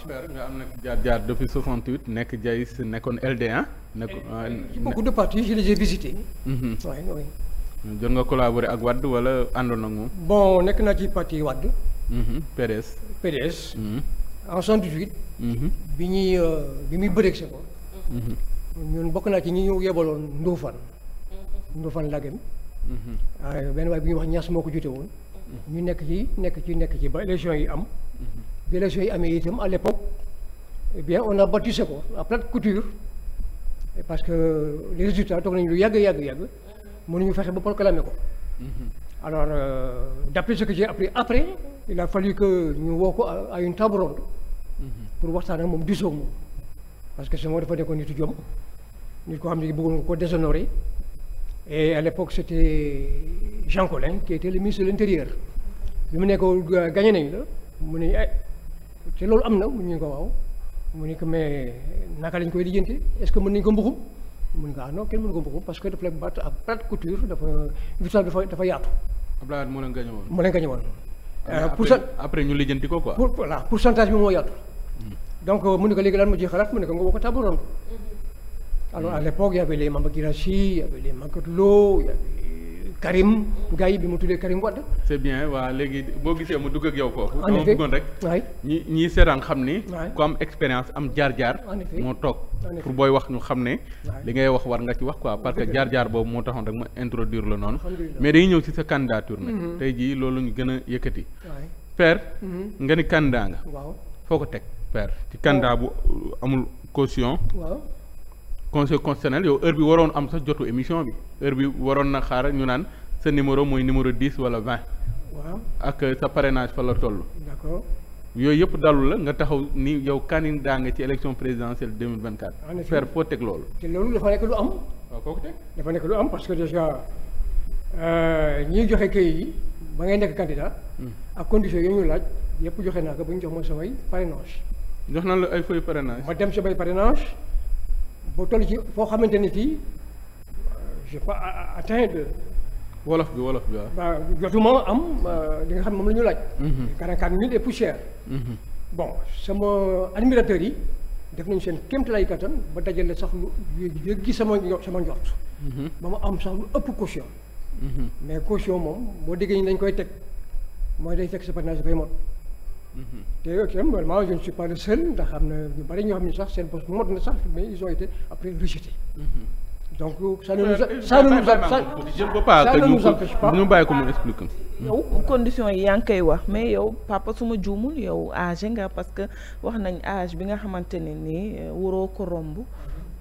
APR nga am nag jaar jaar depuis 68 nekk Jaïs nekkoon LD1. Ah, nekkoon eh, ah, eh, beaucoup de partis je les ai visités. waaye mhm. oui. jot nga collaborer ak wadd wala àndoon ak moom. bon nekk naa ci parti Wade. Mhm, PDS. PDS. Mhm. en 78. bi ñuy euh, bi muy bëreeg si ko. ñun bokk naa ci ñi ñu yebaloon Ndofane. Ndofane Lagem. Ah, benn waay bi ñuy wax Niass moo ko jute woon. ñu nekk ci nekk ci nekk ci ba élection yi am. bi élection amee itam à l'époque eh bien on a battu ce corps couture eh, parce que les résultats toog nañu lu yàgg yàgg yàgg ñu fexe ba proclamer ko. Mm-hmm. alors euh, d'après ce après il a fallu que ñu woo ko à une table ronde. Mm-hmm. pour waxtaan ak moom diisoo moom. parce que Senghor dafa nekkoon nitu jom nit ko xam ne bëggoon ko déshonorer et à l'époque c'était Jean Collin qui était le ministre l'intérieur bi mu nekkoon euh, gagné nañ la mu ne eh, te loolu am na mu ñu ko waaw mu ni ko mais naka lañ koy lijjanti est-ce que mën nañu ko mbuxum mu ni ko ah non kenn mënu ko mbuxum parce que daf lay batt ak plate couture dafa victoire dafa dafa yaatu. Abdoulaye Wade moo leen gañe woon moo leen gañe woon. Ah, euh, pour après ñu lijjanti ko pour voilà pourcentage bi hmm. euh, mu ni ko léegi lan ma ciy xalaat mu ne ko nga woo ko tabaroon hmm. alors à l'époque y avait les Mamadou Guirassy y avait les Magatte Lô Karim gars yi bi mu tuddee Karim Wade. c' est léegi boo gisee mu dugg ak yow foofu. en effet dama bëggoon rek. waay ñi ñi seetaan xam ni. ku am expérience am jaar-jaar. moo toog pour booy wax nu xam ne. li ngay wax war nga ci wax quoi parce que jaar-jaar boobu moo taxoon rek ma introduire la noonu. mais dañuy ñëw ci sa candidature nag. Mhm. tey jii loolu ñu gën a yëkkati. père. Mhm. nga ni candidat nga. waaw foo ko teg père. ci candidat bu amul caution. conseil constitutionnel yow heure bi waroon am sa jotu émission bi heure bi waroon na xaaral ñu naan sa numéro mooy numéro diis wala vingt. waaw ak sa parrainage fa la toll. d'accord yooyu yëpp dalu la nga taxaw ni yow candidat nga ci élection présidentielle deux mille vingt quatre. Ah, faire foo teg loolu. te loolu dafa nekk lu am. waaw dafa nekk lu am parce que déjà euh, ñiy joxe kayit yi ba ngay nekk candidat. Hmm. ak condition yooyu laaj yëpp joxe naa ko ba ñu jox ma samay parrainage. jox naa la ay feuilles parrainage. ma dem samay parrainage. boo toll ci foo xamante ni fii je pas atteint de. wolof bi wolof bi waaw. ma am euh, li nga xam moom la ñu laaj. 44 mhm. minutes et poussière. Mhm. bon sama admirateur yi def nañu seen kéemtalaay kattan ba dajalee sax lu yëggi sama sama njort. Mhm. ba ma am sax lu ëpp caution. mais caution moom boo déggee ñu dañ koy teg mooy day teg sa partenariat dafay mot. te itam vraiment je ne suis pas le ndax am na ñu bari ñoo xam ne sax seen poste mot na donc ça ne nous ça ne nous je ne peux ñu ñu bàyyi ko mu expliquer. yow condition yi yaa ngi koy wax mais yow papa suma juumul yow âge nga parce que wax nañ âge bi nga xamante ne nii waroo ko romb.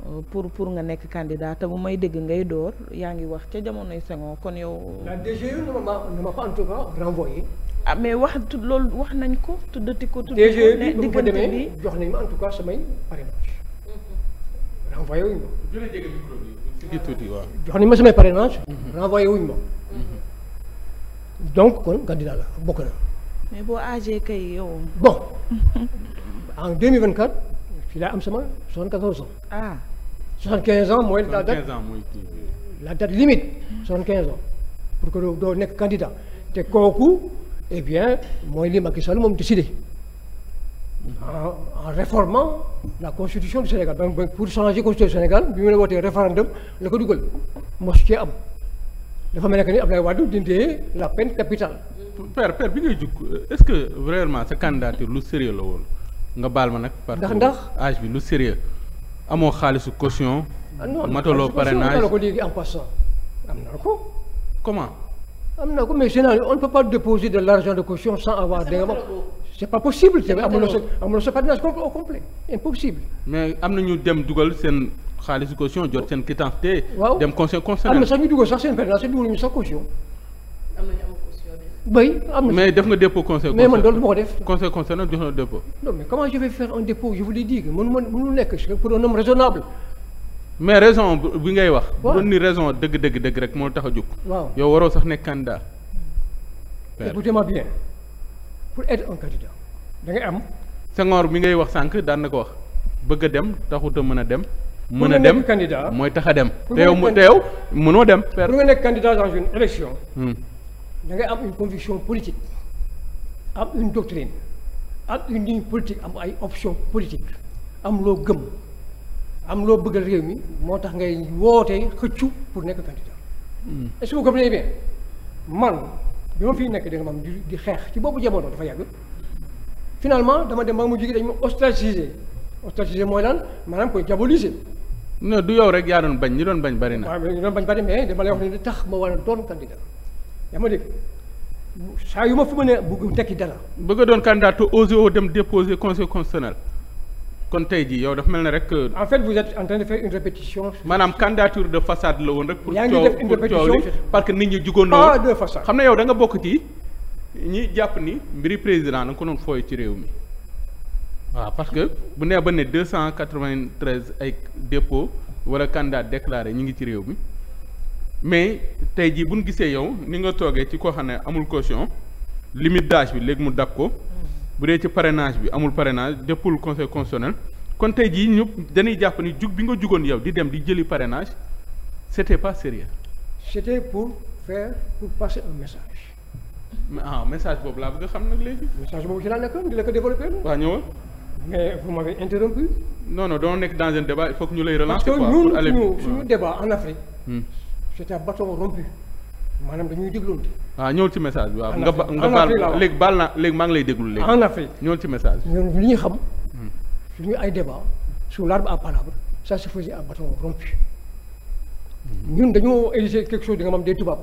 Euh, pour pour nga nekk candidat te bu may dégg ngay door yaa ngi wax ca jamonoy Senghor kon yow. la ah, mais wax loolu wax nañ ko tuddati ko. tuddati ko jox nañ ma en tout cas samay parrainage. Mhm. renvoyé wuñ ma. Mhm. renvoyé wuñ ma. Mhm. donc kon candidat la bokk na. mais boo âgé kay yow. bon en fii laa am sama 74 ans. ah. quinze ans mooy. la date la date limite. 75 ans pour que doo nekk candidat te kooku eh bien mooy li Macky Sall moom décidé en réformant la constitution du Sénégal donc pour changer constitution du Sénégal bi mu la wootee référendum la ko dugal mos cee am dafa mel ni que Abdoulaye Wade dindee la peine capitale. père père bi ngay jug est-ce que vraiment sa candidature lu sérieux la woon nga baal ma nag. parce que âge bi lu sérieux amoo xaalisu caution. Ah, non mataloo parrainage non ko léegi comment. am na ko mais général on ne peut pas déposer de l' argent de caution sans avoir des c' est pas possible. c' est amuloo sa complet impossible. mais am na ñu dem dugal seen xaalisu caution jot seen quittance te. waaw dem conseil constitutionnel am na sax ñu dugal sax seen parrainage te dugaluñu sax caution. am na bay am na mais def nga dépôt conseil. mais man loolu du ma ko def. conseil concerné jox na dépôt. non mais comment je vais faire un dépôt je vous l'ai dit mënu ma mënu nekk pour mais raison bi ngay wax. waaw ni raison dëgg dëgg dëgg rek moo tax a jóg. waaw yow waroo sax nekk candidat. Hmm. écoutez-moi bien pour être un candidat ngay am. Senghor mi ngay wax sànq daan na ko wax bëgg a dem taxut a mën a dem. mën a dem candidat mooy tax a dem. te yow te yow mënoo dem. pour nekk candidat dans da ngay am une conviction politique am une doctrine am une ligne politique am ay option politique am loo gëm am loo bëggal réew mi moo tax ngay wootee xëccu pour nekk candidat hmm. est-ce que vous comprenez bien man bi fii nekk da nga maam di xeex ci boobu jamono dafa yàgg finalement dama dem ba mu jig dañu ma ostraciser ostraciser mooy lan maanaam koy diaboliser non du yow rek yaa doon bañ ñi doon bañ bari na waaw ñi doon bañ bari mais dama lay wax ne tax ma war a doon candidat yaa ma dégg saa yu ma fu ma ne bëgg tekki dara. bëgg doon candidat te osé woo dem déposer conseil constitutionnel kon tey jii yow dafa mel ne rek. Euh, en fait vous êtes en train de maanaam candidature de façade la woon rek. pour coow pour coow li parce que nit ñi jugoon na woon. pas de xam ne yow da nga bokk ci ñi jàpp ni mbiri président da nga ko doon fooy ci réew mi. waaw parce que bu nee ba ne deux cent quatre-vingt-treize ay dépôts wala candidat déclaré ñu ngi ci réew mi. mais tey jii bu nu gisee yow ni nga toogee ci ko xam ne amul caution limite d'âge bi léegi mu dab ko. Mm-hmm. bu dee ci parenage bi amul parrainage dëppul conseil constitutionnel kon tey jii ñëpp danuy jàpp ni jug bi nga jugoon yow di dem di jëli parrainage c'était pas sérieux. c'était pour faire pour passer un message. ah message boobu laa bëgg xam nag léegi. message boobu ci laa nekkoon di la ko développé. waaw ñëwal. mais vous m'avez interrompu. non non doo nekk dans un débat ñu lay relancer. quoi pour aller en Afrique. Hmm. c'est un bâton rompu maanaam dañuy dégloonte. waaw ah, ñëwul ci message bi waaw. nga ba nga baal léegi baal naa léegi maa ngi lay déglu léegi. en Afrique ci message bi. ñu xam. Hmm. suñu ay débat sur l'arbre à palabre ça se faisait à bâton rompu. Hmm. ñun dañoo érigé quelque chose di nga xam des tubaab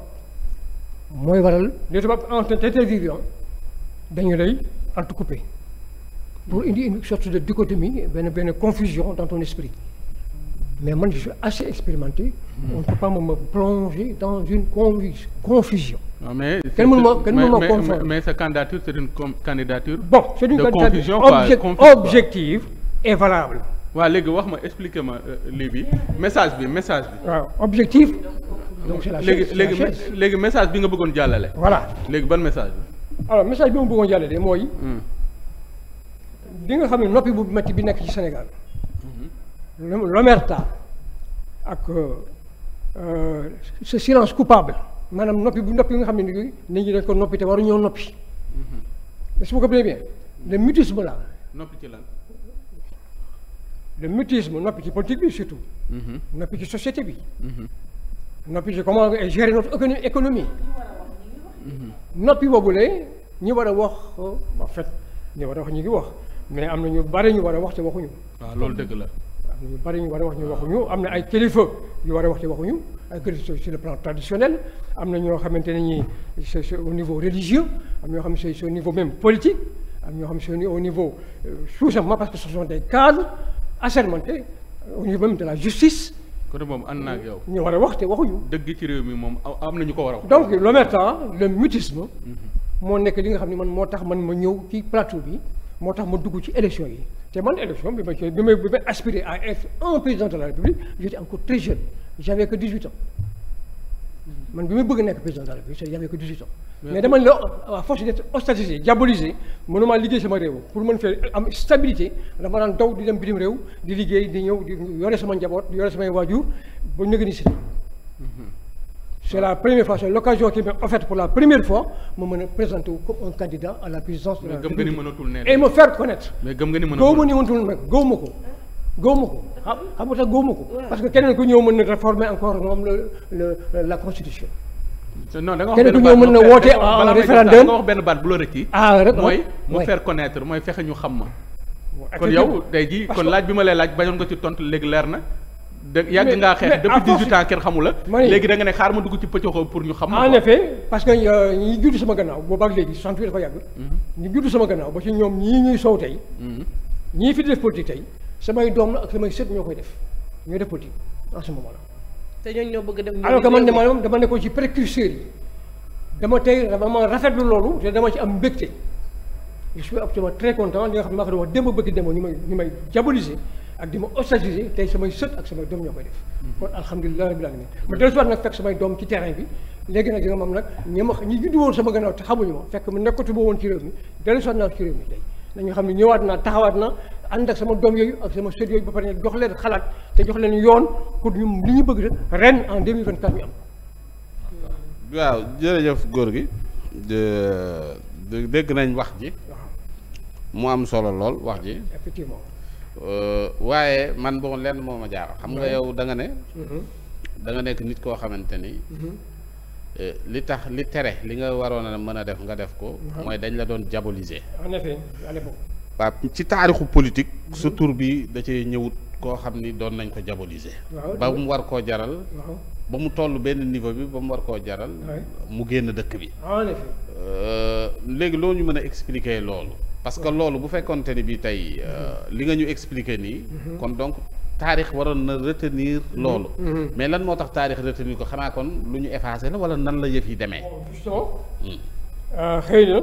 mooy waral des tubaab en vivant dañu lay entrecoupé pour indi une sorte de dichotomie benn benn confusion dans esprit. mais man je suis assez expérimenté. on ne peut pas me plonger dans une confusion. non mais kenn mënu ma kenn mënu ma confondre mais sa candidature c'est une candidature. bon c'est une candidature objective et valable. waaw léegi wax ma expliquer ma euh, bi message bi message bi. waaw objectif. donc c'est la chaise léegi léegi message bi nga bëggoon jàllale. voilà léegi ban message bi. alors message bi ma bëggoon jàllale mooy. di hmm. nga xam ne noppi bu métti bi nekk ci Sénégal. l'omerta ak ce euh, silence coupable maanaam noppi bu noppi nga xam ne ni nit ñi dañ ko noppi te waru ñoo noppi mm-hmm. est-ce que vous comprenez mutisme là noppi ci lan le mutisme noppi ci politique bi surtout mm-hmm. noppi ci société bi mm-hmm. noppi ci ay gérer notre économie noppi boobu la ñi war a wax en fait ñi war a wax ñu ngi wax mais am na ñu bari ñu war a wax te waxuñu waaw ah, loolu dëgg la ñu bari ñu war a wax ñu waxuñu am na ay kilifa yu war a wax ci waxuñu ay kilifa sur le plan traditionnel am na ñoo xamante ne ñi au niveau religieux am ñoo xam ne c'est au niveau même politique ñoo xam ne c'est au niveau euh, sous-serment parce que ce sont des cadres assermentés euh, au niveau même de la justice. côté moom ànd naa ak yow. war a wax te waxuñu. dëgg ci réew mi moom am na ñu ko war a wax. donc le mettant le mutisme. moo nekk li nga xam ne man moo tax man ma ñëw ci plateau bi moo tax ma dugg ci élection yi. te man élection bi ma ci bi ma bi ma aspiré à être un président de la république j'étais encore très jeune j'avais que 18 ans man bi ma bëgg nekk président de la république j'avais que 18 ans. mais dama la à force d'être ostracisé diabolisé mënuma liggéey sama réew pour man fee am stabilité dama daan daw di dem bitim réew di liggéey di ñëw di yore sama njaboot di yore samay waajur ba nëgëni si. c'est la première fois c'est l'occasion qui m'est offerte pour la première fois ma mën a présenter wu comme un candidat à la présidence de la République et me faire connaître gëw ma ni mënatul nag gëw ma ko gëw ma ko xam xam nga tax gëw ma ko parce que keneen ku ñëw mën na réformer encore moom le la constitution non da nga wax kenn ku ñëw mën na woote en référendum da nga wax benn baat bu la rëkki ah rek mooy mu faire connaître mooy fexe ñu xam ma kon yow tey jii kon laaj bi ma lay laaj bañoon nga ci tontu léegi leer na da yàgg ngaa xeex depuis 18 ans xaar ma dugg ci pëccoxoo pour ñu que euh, ñi juddu sama gannaaw boobaak léegi 68 dafa yàgg mhm. ñu juddu sama mhm. fi di def politique tey samay doom ak samay sët ñoo koy def ñooy def politique en ce moment là te ñooñu ñoo bëgg dem alors que man dama dama nekkoon ci précurseurs yi dama tey dama rafetlu loolu te dama ci am mbégte je suis absolument très content li nga xam ne maa ko doon wax démb bëgg démb ñu may ñu ak di ma ostraciser tey samay sët ak samay doom ñoo koy def kon alhamdulilah rabbil alamin ma dellu si waat nag fekk samay doom ci terrain bi léegi nag dina moom nag ñi ma ñi juddu woon sama gannaaw te xamuñu ma fekk mu nekkatu ma woon ci réew mi dellu si waat ci réew mi tey nañu xam ne ñëwaat naa taxawaat na ànd ak sama doom yooyu ak sama sët yooyu ba pare jox leen xalaat te jox leen yoon pour ñu li ñu bëgg rek ren en 2024 ñu am waaw jërëjëf góor gi dégg nañ wax ji mu am solo lool wax ji effectivement Euh, waaye man boo lenn moo ma jaaxal xam nga yow danga ne. Mm-hmm. da nekk nit koo xamante ni. Mm-hmm. Euh, li tax li tere li nga waroon a mën a def nga def ko. Mm-hmm. mooy dañ la doon diaboliser. en ci taarixu politique. sa tur bi da cee ñëwut koo xam ni doon nañ ko diaboliser. ba mu war koo jaral. ba mu toll benn niveau bi ba mu war koo jaral. mu génn dëkk bi. Euh, léegi loo ñu mën a expliquer loolu. parce que loolu bu fekkonte ni bi tey euh, li nga ñu expliquer nii kon donc taarix waroon na retenir loolu mm-hmm. Mm-hmm. mais lan moo tax taarix retenir ko xanaa kon lu ñu effacé la wala nan la yëf yi demee oh, mm. euh, xëy na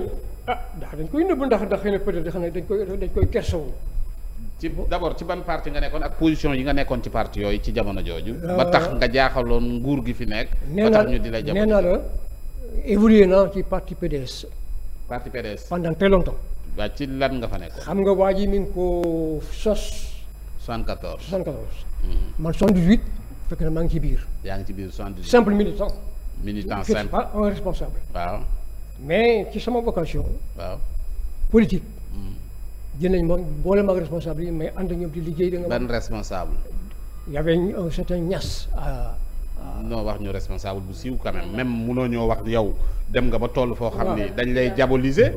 ah ndax dañ koy nëbb ndax ndax xëy na peut-être xanaa dañ koy dañ koy kersawu ci d'abord ci ban parti nga nekkoon ak position yi nga nekkoon ci parti yooyu ci jamono jooju euh, ba tax nga jaaxaloon nguur gi fi nekk ba tax ñu di la naa la évolué ci parti PDS parti PDS pendant très waa ci lan nga fa nekk. xam nga waa ji mi ngi ko sos. 74 74. Mhm. man 78. fekk na maa ngi ci biir. yaa ngi ci biir 78. simple militant. militant simple je suis pas un responsable. waaw mais ci sama vocation. waaw politique. dinañ mhm. moom boole maag responsable yi mais ànd ñoom di liggéey danga nga. ban responsable. y avait un certain Niass à. Euh, euh, wax ñu responsable bu siiw quand même même munoo ñoo wax yow dem nga ba toll foo xam ni dañ lay diaboliser.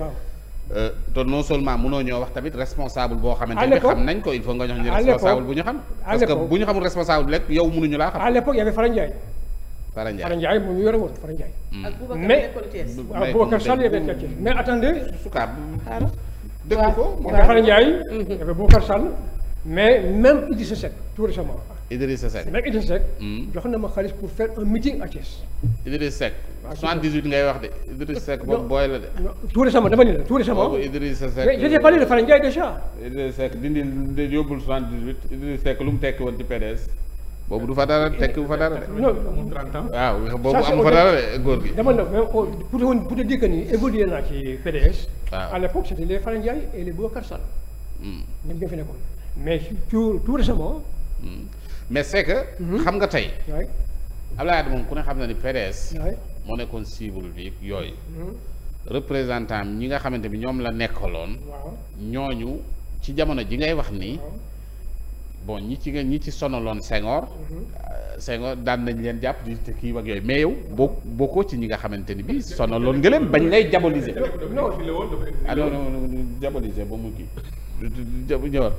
Euh, te non seulement mënoo ñoo wax tamit responsable boo xamante ne xam nañ ko il faut nga ñox ñu responsable bu ñu xam parce que bu ñu xamul responsable rek yow mënuñu laa xam à l'époque y avait Fara Ndiaye Fara Ndiaye hmm. mais waaw Boubacar Sall y avait quelqu'un mais attendez sukaar dëgg ko Fara Ndiaye hmm. y mais même Idrissa Seck tout récemment. Idrissa Seck hmm. jox na ma xaalis pour faire un meeting à Thiès. Idrissa Seck. waaw ngay wax de Idrissa Seck boobu booy la de. tout récemment dama ni la tout récemment. boobu Idrissa lu mu tekki woon ci PDS. boobu du fa dara tekk bu fa dara de. non amul waaw boobu amu fa dara de góor gi. dama ne pour pour te dire que ni évolué naa ci PDS. waaw les Fara Ndiaye et les Boubacar Sall. Hmm. ñoom ñoo fi nekkoon. mais tout tout récemment. Hmm. mais c'est mhm. xam nga tey. waay Abdoulaye Wade moom ku ne xam na ni PDS. moo nekkoon cible bi yooyu. Mhm. représentant ñi nga xamante bi ñoom la nekkaloon. ñooñu ci jamono ji ngay wax nii. bon ñi ci nga ñi ci sonaloon Senghor. Mhm. Euh, Senghor daan nañ leen jàpp di te kii ak yooyu mais yow boo bokkoo ci ñi nga xamante ni bii sonaloon nga leen bañ lay diaboliser. non ah, non diaboliser ba mu kii. ñëwal.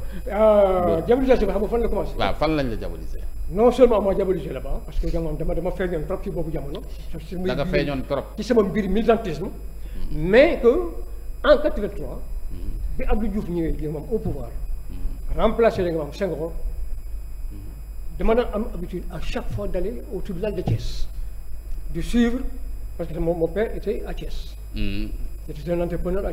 diabolisation bi xam nga fan la commencé. waaw fan lañ la diabolisé. non seulement moo diabolisé là-bas parce que jamono dama dama feeñoon trop ci boobu jamono. da nga sama mbir militantisme. Hmm. mais que en 83. Hmm. bi Abdou Diouf ñëwee di moom au pouvoir. Hmm. remplacé la nga maam Senghor. dama daan am habitude à chaque fois d' aller au tribunal de Thiès. de suivre parce que mon mon père était à Thiès. il était un entrepreneur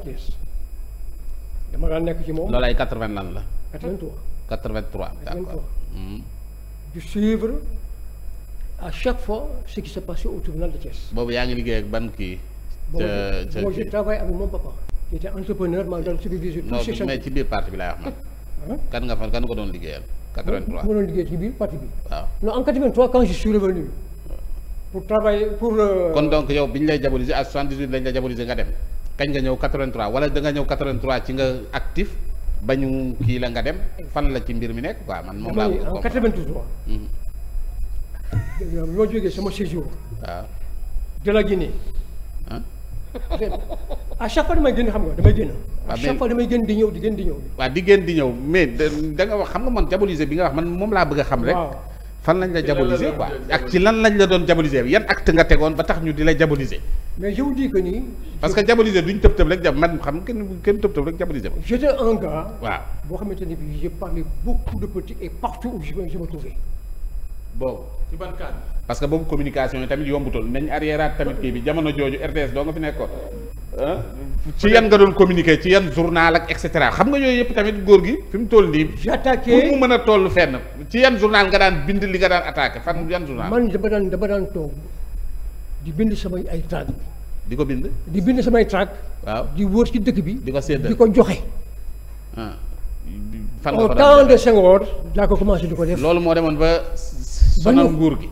dama daan nekk ci moom. loolay quatre vingt lan la. quatre vingt trois quatre vingt trois d'accord. di hmm. boobu yaa ngi liggéey ak ban kii. ca ca moi j'ai travaillé avec mon papa. qui était entrepreneur maa ngi doon superviser. ci biir parti bi laay wax man. Ah. kan nga fan kan ko doon liggéeyal. 83 mu doon liggéey ci biir parti bi. waaw euh, kon donc yow bi ñu lay diaboliser à 78 lañ la diaboliser nga dem. kañ nga ñëw 83 wala da nga ñëw 83 ci nga actif ba ñu kii la nga dem fan la ci mbir mi nekk quoi man moom laa. en 83. bi ma jógee sama séjour. waaw ah. de la Guinée. à chaque fois damay génn xam nga damay génn. à chaque fois damay génn di ñëw di génn di ñëw. di génn di ñëw mais da nga wax xam nga man diaboliser bi nga wax man moom laa bëgg a xam rek. fan lañ la diaboliser quoi ak ci lan lañ la doon diaboliser yan acte nga tegoon ba tax ñu di la diaboliser. mais je vous que nii. parce que diaboliser duñ tëb tëb rek jàpp man xam bii j'ai parlé beaucoup de petits et partout où je parce que boobu communication yi tamit yombutoon nañ arriéraat tamit kii bi jamono jooju RTS doo nga fi nekkoon. ci yan nga doon communiquer ci yan journal ak et cetera xam nga yooyu yëpp tamit góor gi fi mu toll nii. attaqué pour mu mën a toll fenn ci yan journal nga daan bind li nga daan attaqué fan yan journal. man dama daan dama toog di bind samay ay track. di ko bind. di bind samay track. waaw di wër ci dëkk bi. di ko séddale di joxe. Ah. fan au temps de Senghor laa ko commencé di loolu moo demoon ba. sonal nguur gi.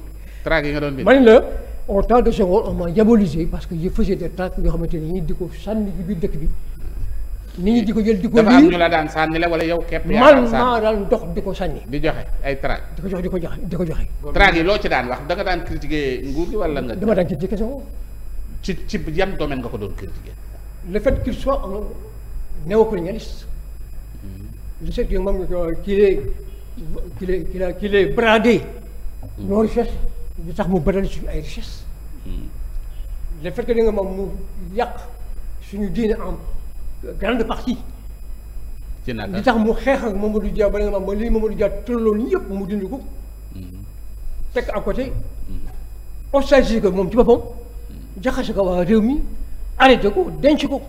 track yi nga doon bind man la. au temps de Senghor on m'a diabolisé parce que je faisais des tracts yoo xamante ni ñi di ko sànni ci biir dëkk bi. nit ñi di ko jël di ko lii dafa am ñu la daan sànni la wala yow képp. yaa daan sànni man maa daan dox di ko sànni. di joxe ay tracts. di ko jox di ko joxe di ko joxe. tracts yi loo ci daan wax da daan critiquer nguur gi wala nga. dama daan critiquer Senghor. ci ci yan domaine nga ko doon critiquer. le fait qu'il soit un néocolonialiste. le hmm. fait que moom qu'il est qu'il est qu'il est bradé. Hmm. li tax mu bëral suñu ay richesse le fait que da moom mu yàq suñu diine en grande partie li tax mu xeex ak du Dia ba da nga moom ma lii Mamadou Dia tolloon yëpp mu dindi ko teg mm-hmm. à côté ostagie mm-hmm. ko moom ci boppam mm-hmm. jaxase ko waa réew mi arrêté ko denc ko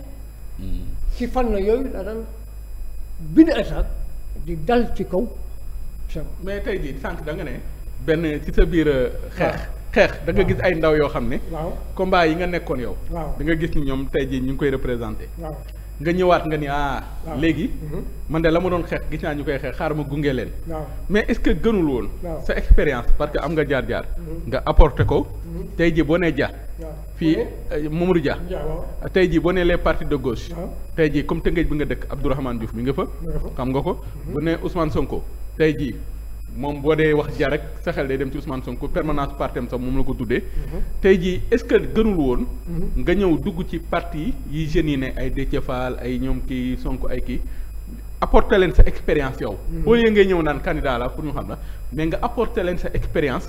ci fan na yooyu la daan bind attaque di dal ci kaw mais tey jii sànq da nga ne benn ci sa biir euh, xeex xeex da gis ay ndaw yoo xam ne combat yi nga nekkoon yow da nga gis ni ñoom tey jii ñu ngi koy représenté nga ñëwaat nga ni ah léegi mhm. man de la ma doon xeex gis naa ñu koy xeex xaar ma gunge leen mais est-ce que gënul woon sa expérience parce que am nga jaar-jaar mhm. nga apporté ko tey ji boo nee jaar fii Mamadou Dia tey jii boo nee lee euh, partis de gauche tey jii comme Tëngéej bi nga dëkk Abdourahmane Diouf mi nga fa xam nga ko mhm. bu ne Ousmane Sonko tey jii moom boo dee wax ja rek sa xel day dem ci Ousmane Sonko permanence partem sax moom la ko tuddee. Mhm. tey jii est-ce que gënul woon. Mhm. nga ñëw dugg ci parti yi jeunes yi ne ay Déthié ay ñoom kii Sonko ay kii. apporter leen sa expérience yow. Mhm. au lieu ngay ñëw naan candidat la pour ñu xam la mais nga apporter leen sa expérience.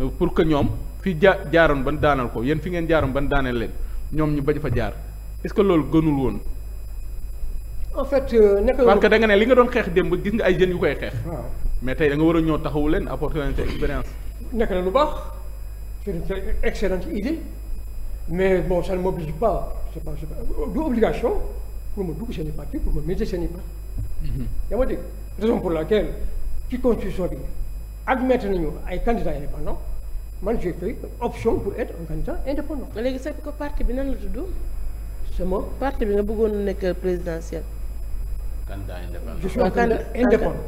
Euh, pour que ñoom fi ja jaaroon ban daanal ko yéen fi ngeen jaaroon ban daaneel leen ñoom ñu bañ fa jaar est que loolu gënul woon. en fait euh, nekk parce que ne li nga doon xeex démb gis nga ay jeunes yu koy xeex. mais tey danga war a ñëw taxawu leen apporter leen sa expérience. nekk na lu baax c' est une excellente mais boo ça ne m'oblige pas je sais pas je sais pas du obligation pour ma dugg seen i dama pour ma militer seen i parti. yaa ma dégg raison pour ci constitution bi admettre nañu ay candidats indépendants man j'ai fait option pour être un candidat indépendant. léegi sa ko parti bi nan la tudd. sama parti bi nga bëggoon nekk présidentiel. candidat indépendant. je suis ah, ah, un candidat indépendant.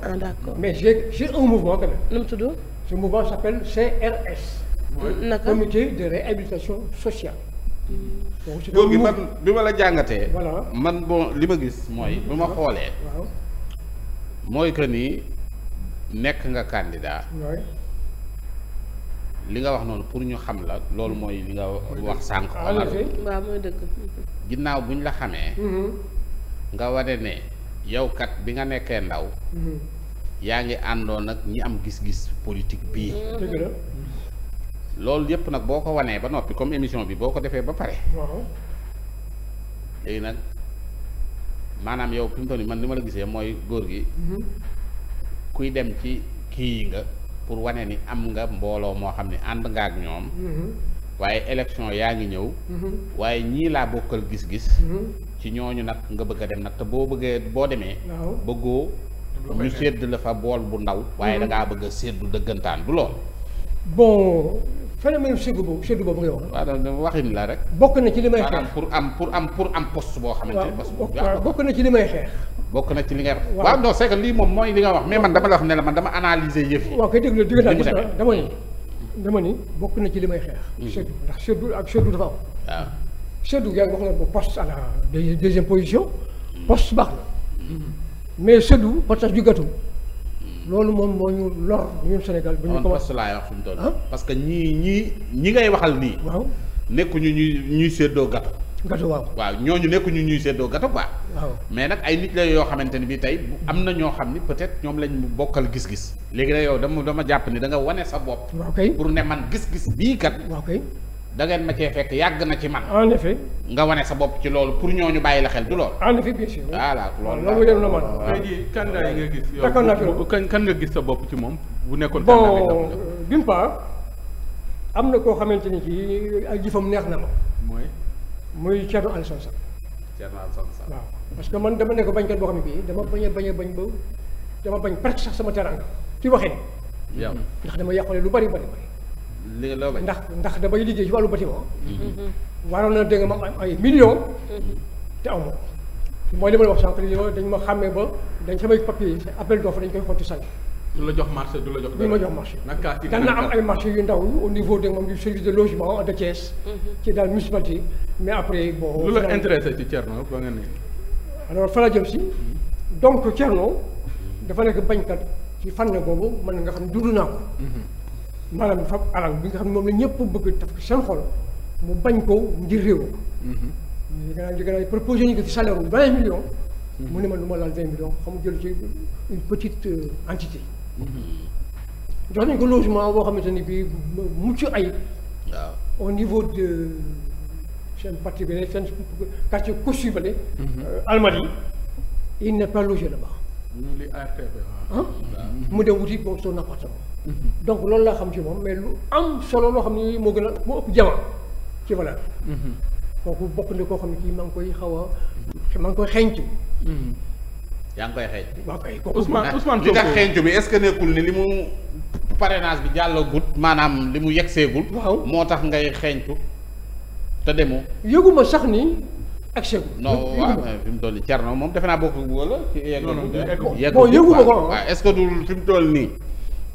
ah bi ma la jàngatee. man bon li ma gis mooy bi ma xoolee. mooy que ni nekk nga candidat. li nga wax noonu pour ñu xam la loolu mooy li nga wax sànq. Ah, waaw mooy dëgg. ginnaaw bu ñu la xamee. Mm-hmm. nga wane ne. yow kat bi nga nekkee ndaw. Mhm. yaa ngi àndoon nag ñi am gis-gis politique bii. Mhm. loolu yëpp nag boo ko wanee ba noppi comme émission bi boo ko defee ba pare. léegi nag maanaam yow fi mu toll nii man li ma la gisee mooy góor gi. Mhm. kuy dem ci kii nga pour wane ni am nga mbooloo moo xam ne ànd nga ak ñoom. waaye élection yaa ngi ñëw. waaye ñii laa bokkal gis-gis. ci ñooñu nag nga bëgg dem nag te boo bëggee boo demee bëggoo ñu sédd la fa bool bu ndaw waaye mm-hmm. da bëgg a dëggantaan bu lool bon phénomène séddu boobu boobu ngay wax waaw waxin la rek bokk na ci li pour am pour am pour am boo xamante ne bokk na ci li may xeex bokk na ci li nga wax waaw non c'est lii moom mooy li nga wax mais man dama la wax ne la man dama analyser yëf yi waaw kay déglu dégg naa gis naa dama ni dama ni bokk na ci li may xeex mm-hmm. séddu ndax séddu ak séddu dafa am waaw Seydou Diagne wax na ko poste à la deuxième position poste baax na mais Seydou ba tax jugatul loolu moom moo ñu lor ñun Sénégal. bu ñu ko wax poste laay wax fi ah? parce que ñii ñii ñi ngay waxal nii. waaw nekkuñu ñuy ñuy séddoo gato. gato waaw waaw ñooñu nekkuñu ñuy séddoo gato quoi. waaw mais nag ay nit la yoo xamante ni bii tey am na ñoo xam ni peut-être ñoom lañ bokkal gis-gis. léegi nag yow dama dama jàpp ni da nga wane sa bopp. pour ne man gis-gis bii kat. waaw kay da ngeen ma cee fekk yàgg na ci man. en effet. nga wane sa bopp ci loolu pour ñooñu bàyyi la xel du lool. en effet bien sûr. voilà loolu la loolu man. tey jii kan nga gis. yow kan kan gis sa bopp ci moom. bu nekkoon bon d'une part am na koo xamante ni ci ay jëfam neex na ma. mooy. muy Thierno Alassane Sall. Thierno Alassane Sall waaw. parce que man dama nekk bañkat boo xam ne bii dama bañ a bañ a bañ ba dama bañ presque sax sama teranga ci waxee. ndax dama yàqale lu bari bari bari. li ndax ndax damay liggéey ci wàllu bâtiment mhm. Mhm. waroon na dégg nga ma am ay millions. Mhm. te amoo mooy li ma la wax sànq li dañ ma xàmmee ba dañ samay papier appel d'offre dañ koy xotti sànq. du la jox marché du la jox. du ma jox marché. daan na am ay marché yu ndaw au niveau de moom du service de logement de Thiès. ci daal municipalité mais après bon. lu la intéressé ci Thierno ba nga ne. alors fa la jëm si. donc Thierno dafa nekk bañkat ci fànn boobu man nga xam ne dund naa ko. maanaam fab alal bi nga xam ne moom la ñëpp bëgg taf ko seen xol mu bañ ko ngir réew mi. Mhm. gannaaw di gannaaw proposé ñu ko fi salaire bu vingt millions. Mhm. mu ne ma lu ma laal vingt millions xam nga jël ci une petite euh, entité. Mhm. jox nañu ko boo xamante ni bii mucc ay au niveau de seen parti bi seen quartier Kossi Bale. Euh, Almadies il n'est pas logé mu dem wuti bon son appartement. Mm-hmm. donc loolu laa xam ci moom mais lu am solo loo xam ne moo gën a moo ëpp jamono ci valeur. Mm-hmm. kooku bokk na koo xam ne kii maa ngi koy xaw a maa ngi koy xeeñcu. Mm-hmm. yaa ngi koy xeeñ. waaw kay kooku Ousmane Ousmane Sonko xeeñcu bi est-ce que nekkul ni li mu parrainage bi jàllagut maanaam li mu yegseegul. waaw moo tax ngay xeeñcu te demoo. yëguma sax ni. ak chef non waaw fi mu toll nii Thierno moom defe naa bokk wala. non non yëguma ko yëguma ah, ko est-ce que du mu toll nii.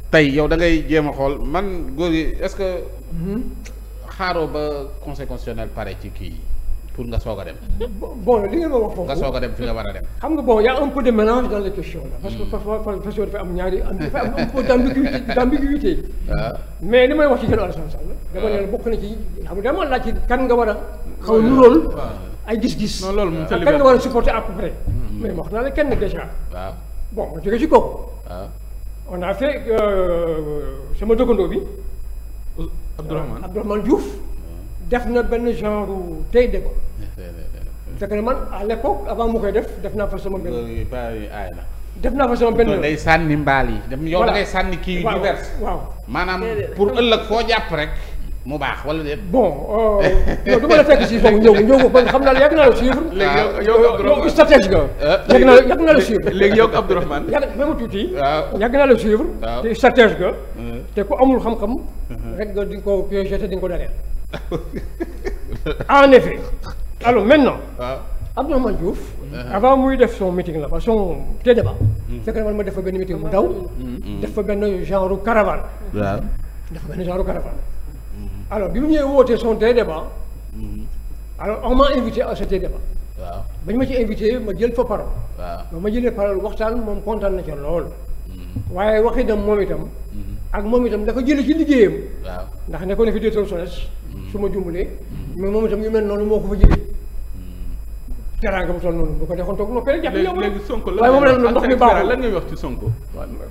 tey yow da ngay jéem a xool man góor yi est-ce que. Mhm. xaaroo ba conseil constitutionnel pare ci kii pour nga soog a dem. bon li ngeen ma wax foofu nga soog a dem fi nga war a dem. xam nga bon y' a un peu de mélange dans les questions ah. mais li may wax ci seen Alassane Sall. dama ah. ne bokk na ci xam nga dama laaj ci kan nga war a. xaw a nuróol ay gis-gis. non loolu moom kan nga war a supporter à peu près. Hmm. mais wax naa la kenn déjà. waaw bon ma jógee ci kooku. Ah. on a fait sama euh, dëkkandoo bi. Abdourahmane Abdourahmane Diouf. def na benn genre tey de ko. fekk na man à l'époque avant mu koy def def naa fa sama benn. loolu aay la. def naa fa sama benn yoon day sànni mbaal yi. yow da ngay sànni kii yu waaw maanaam pour ëllëg foo jàpp rek. mu baax wala déet. bon euh, yow du ma la fekk si foofu ñëw ñëw nga xam naa yàgg naa la suivre. léegi yow yow euh, stratège nga. Euh, yàgg naa yàgg naa la suivre. léegi yàgg tuuti. waaw yàgg naa la suivre. te stratège nga. te ku amul xam-xam. rek nga di nga ko piégé te di ko dareel. en effet. alors maintenant. waaw Abdourahmane avant muy def son meeting la son te débat. fekk na man ma def fa benn meeting bu daw. def fa benn genre caravane. waaw def fa benn genre caravane. alors bi mu ñëwee wootee son day débat mhm. alors on m'a invité à ce débat waaw ma ci invité ma jël fa parole waaw ma jëlee parole waxtaan moom kontaan na ca lool mhm. waaye waxi dem moom itam mhm. ak moom itam dafa jële ci liggéeyam waaw ndax nekkoon na fi directeur SONES su ma jumbalee mais moom itam yu mel noonu moo ko fa jëlee teraanga bu toll noonu bu ko defoon toog noppi rek jàpp yow léegi Sonko la waaye moom la ndox mi baaxul lan ngay wax ci Sonko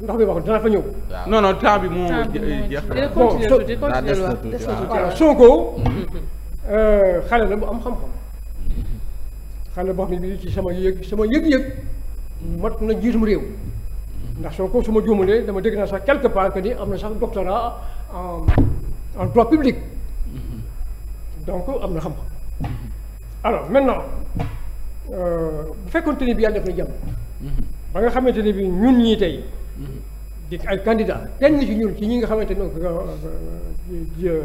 ndox mi baaxul dana fa ñëw non non temps bi moo jeex voilà Sonko euh, xale la bu am xam-xam xale boo xam ne bi ci sama yëg sama yëg-yëg mat na njiitum réew ndax Sonko su ma juumalee dama dégg naa sax quelque part que ni am na sax doctorat en en droit public mhm. donc am na xam-xam alors maintenant bu euh, fekkoonte ni bi yàlla def na jàmm mm-hmm. ba nga xamante ne bi ñun ñii tey mm-hmm. di ay candidat kenn ci ñun ci ñi nga xamante ne euh, euh,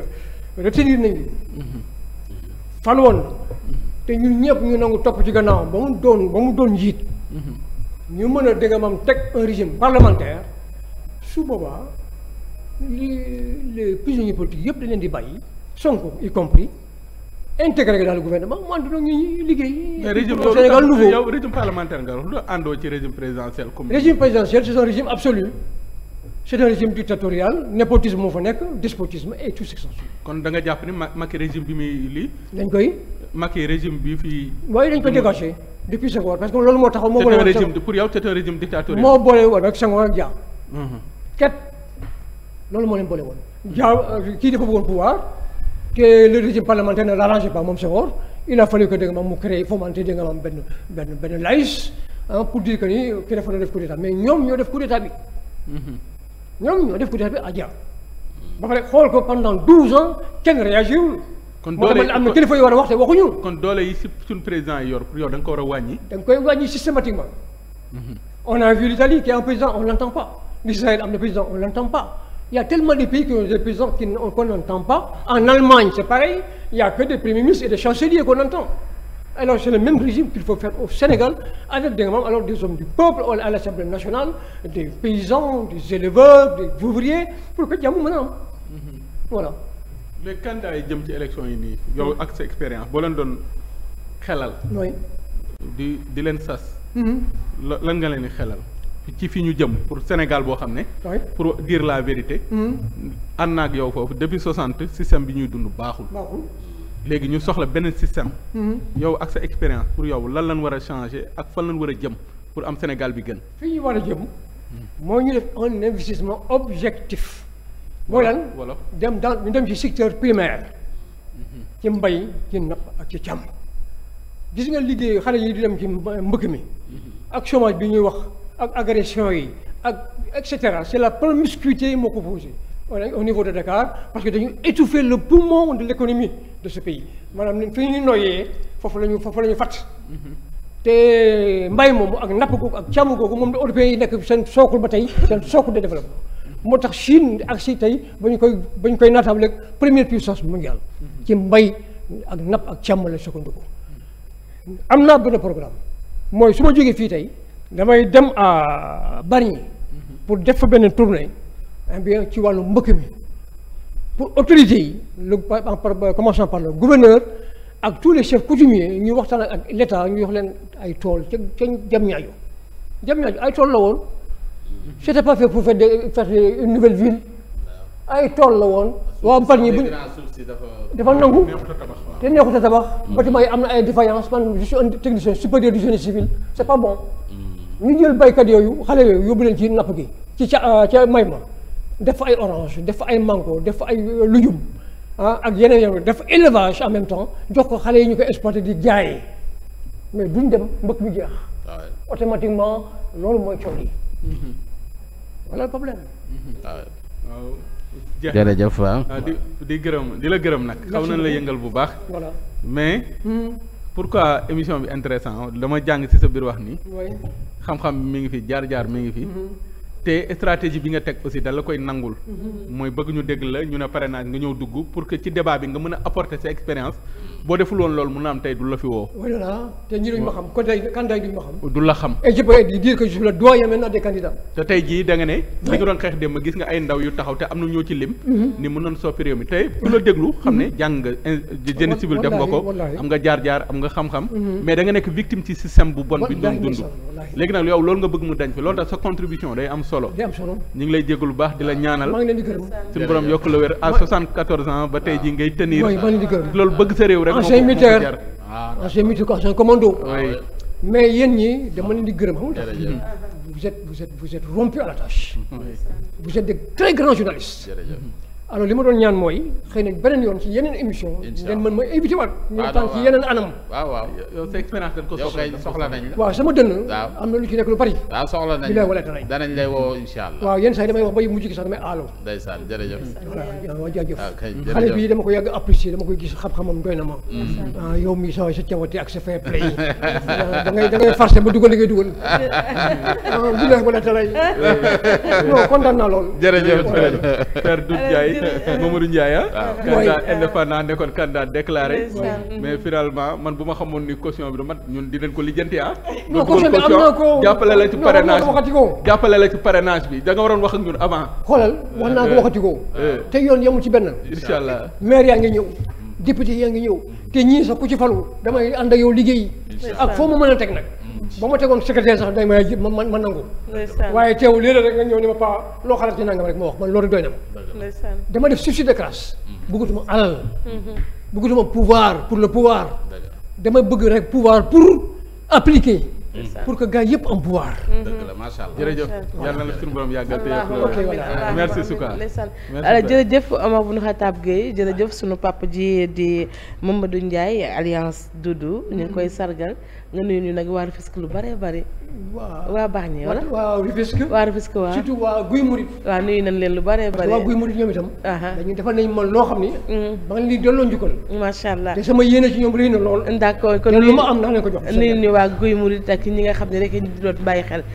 retenir nañu mm-hmm. fal te ñu ñëpp ñu nangu topp ci gannaaw ba mu doon ba mu doon njiit ñu mën a dégg maam teg un régime parlementaire su boobaa li les prisonniers politiques yëpp dañ leen di bàyyi Sonko y compris intégré nga daal gouvernement mu ànd nag ñu liggéey. yow régime parlementaire nga wax lu àndoo ci régime présidentiel. comme régime absolu c'est un régime dictatorial népotisme moo fa nekk despotisme et tout ce qui kon da nga jàpp ni Macky régime bi muy lii. dañ koy. Macky régime bi fii. waaye dañ ko dégager depuis Senghor parce que loolu moo taxaw moo. boole woon régime pour yow c'est un régime dictatorial. moo boole woon ak Senghor ak Dia. Mhm. ket loolu moo leen te le régime parlementaire ne l'arrange pas moom Senghor il a fallu que dégg nga maam mu créé fomenté dégg nga maam benn benn benn laïs ah, pour dire que ni ki dafa def coup d'état mais ñoom ñoo def coup d'état bi ñoom mhm. ñoo def coup xool ko pendant douze ans kenn réagirul kon doole am yi si suñ président yi yor pour da ko war a wàññi. da koy wàññi systématiquement. Mhm. on a vu l'Italie qui a président on l'entend pas. l'Israël am na président on l'entend pas. Il y a tellement de pays qui ont des présidents pas. En Allemagne, c'est pareil. Il a que des premiers ministres et des chanceliers qu'on entend. Alors c'est le même régime qu'il faut faire au Sénégal avec des membres, alors des hommes du peuple à l'Assemblée nationale, des paysans, des éleveurs, des ouvriers, pour que jàmm mën a am mm-hmm. voilà les candidats yi jëm ci élection yi nii yow ak sa expérience boo leen doon xelal di di leen sas mm-hmm. lan nga leen di xelal ci fi ñu jëm pour Sénégal boo xam ne. pour dire la vérité. Mm-hmm. ànd naa ak yow foofu depuis soixante système bi ñuy dund baaxul. léegi ñu soxla beneen système. Mm-hmm. yow ak sa expérience pour yow lan lan war a changé ak fan lan war a jëm pour am Sénégal bi gën. fi ñu war a jëm. Mm-hmm. moo ñu def un investissement objectif. mooy lan dem dans ñu dem ci secteur primaire. ci mbay ci napp ak ci càmm. gis nga liggéey xale yi di dem ci mbëkk mi. ak chômage bi ñuy wax. ak agression yi ak et c'est la promiscuité moo ko posé au niveau de Dakar parce que dañu étouffer le poumon de l'économie de ce pays maanaam fi ñu noyyee foofu la ñu foofu la ñu fàtt mm-hmm. te mbay moom ak napp googu ak càmm googu moom la européens yi nekk seen sookul ba tey seen sookul de développement moo tax Chine ak si tey ba ñu koy ba ñu koy naataable première puissance mondiale mm-hmm. ci mbay ak napp ak càmm la sukkandiku am naa benn programme mooy su ma jógee fii tey damay dem à Bargny pour def fa beneen tournée un eh bien ci wàllu mbëkk mi pour autoriser yi le par euh, commençant par le gouverneur ak tous les chefs coutumiers ñu waxtaan ak l'État ñu jox leen ay tool ca ca jam ñaajo jam ñaajo ay tool la woon c'était pas fait pour faire des faire une nouvelle ville ay tool la woon waa Bargny bu dafa nangu te neexut a tabax hmm. bâtiment yi am na ay défaillance man je suis un technicien supérieur civil c'est pas bon hmm. ñu jël baykat yooyu xale yooyu yóbbu leen ci napp gi ci ca ah, ca may ma def fa ay orange def fa ay mango def fa ay euh, lujum ah ak yeneen yeneen def élevage en même temps jox ko xale yi ñu ko exploité di jaaye mais duñ dem mbëkk mi jeex. automatiquement loolu mooy coow yi. Mhm. voilà problème. Mhm. waaw. jërëjëf waaw. Ah. Ah, di di gërëm di la gërëm nag. xaw nañ la yëngal bu baax. voilà mais. Hmm. pourquoi émission bi intéressant dama jàng ci sa biir wax ni xam-xam mi ngi fi jaar-jaar mi ngi fi mm-hmm. te stratégie bi nga teg aussi da la koy nangul. Mm-hmm. mooy bëgg ñu dégg la ñu ne parrainage nga ñëw dugg pour que ci débat bi nga mën a apporter sa expérience boo deful woon loolu mun na am tey du la fi woo. voilà te ñi du la xam. et je peux dire que je te tey jii da nga ne. gis nga ay ndaw yu taxaw te am na ñoo ci lim. Mm-hmm. ni mën nañ soppi réew mi tey ku la déglu xam ne mm-hmm. jàng nga eh, génie civil def nga ko am nga jaar-jaar am nga xam-xam. mais da nga nekk victime ci système bu bon bi doon dund léegi nag yow loolu nga bëgg contribution day am solo. di am solo ñu ngi lay jégalu baax di la ñaanal. maa ngi yokk la wér à 74 ans ba tey ji ngay tenir. loolu bëgg sa réew rek. Ah. ancien militaire commando. mais yéen ñi dama leen di gërëm xam nga. vous êtes vous êtes vous êtes rompu à la tâche. vous êtes des très grands alors li ma doon ñaan mooy xëy na beneen yoon ci yeneen émission ngeen mën ma éviter waat ñu waxtaan ci yeneen anam waaw waaw dañ waaw sama dënn am na lu ci rek lu bari waaw soxla nañ la wala danañ danañ lay waaw yenn saa yi damay wax bay mujj gi sax damay aalo ndeysaan jërëjëf waaw jaajëf ah, xale bi dama ko yàgg apprécier dama koy gis xam-xamam doy na ma mm. ah, yow mi sa sa cawate ak fair play da ngay da ngay farcé ba dugal li ngay dugal bilaay wala danañ non kontaan naa loolu jërëjëf Mamadou Ndiaye ah. candidat indépendant nekkoon candidat déclaré. mais mm-hmm. finalement man bu ma xamoon ni caution bi du mat ñun dinañ ko lijjanti ah. non caution bi am na ko jàppale la ci parrainage bi bi da nga waroon wax ak ñun avant. xoolal wax naa ko eh. waxati ko. Eh. te yoon yemul ci benn. incha allah maire yaa ngi ñëw. député yaa ngi ñëw te ñii sax ku ci falu damay ànd ak yow liggéey. ak foo ma mën a teg nag. ba ma tegoon secrétaire sax day may ma ma nangu waaye teew léeg rek nga ñëw ni ma paa loo xalaat ci nangam rek ma wax man loolu doy na ma dama def subside de classe mm-hmm. bëggatuma alal mm-hmm. bëggatuma pouvoir pour le pouvoir dama bëgg rek pouvoir pour appliquer pour que gars yëpp am pouvoir. Mm-hmm. dëgg la macha allah jërëjëf yal na la suñu borom yàggal te yëpp merci Souka. jërëjëf Omar papa ji di Mamadou Ndiaye alliance Doudou ñu ngi koy sargal. nga nuyu ñu nag waa Rufisque lu bëree bëri. waaw waa Bargny wala. waaw Rufisque. waa Rufisque waaw surtout waa Guy Mouride. waaw nuyu nañ leen lu bare bëri. waa Guy Mouride ñoom itam. dañuy defal nañ man loo xam ni. ba mm. nga leen di delloo njukkal. macha allah te sama yéene ci ñoom rëy na lool. d' am ko jox. nuyu ñu waa Guy Mouride ak ñi nga xam ne rek ñu doon bàyyi xel.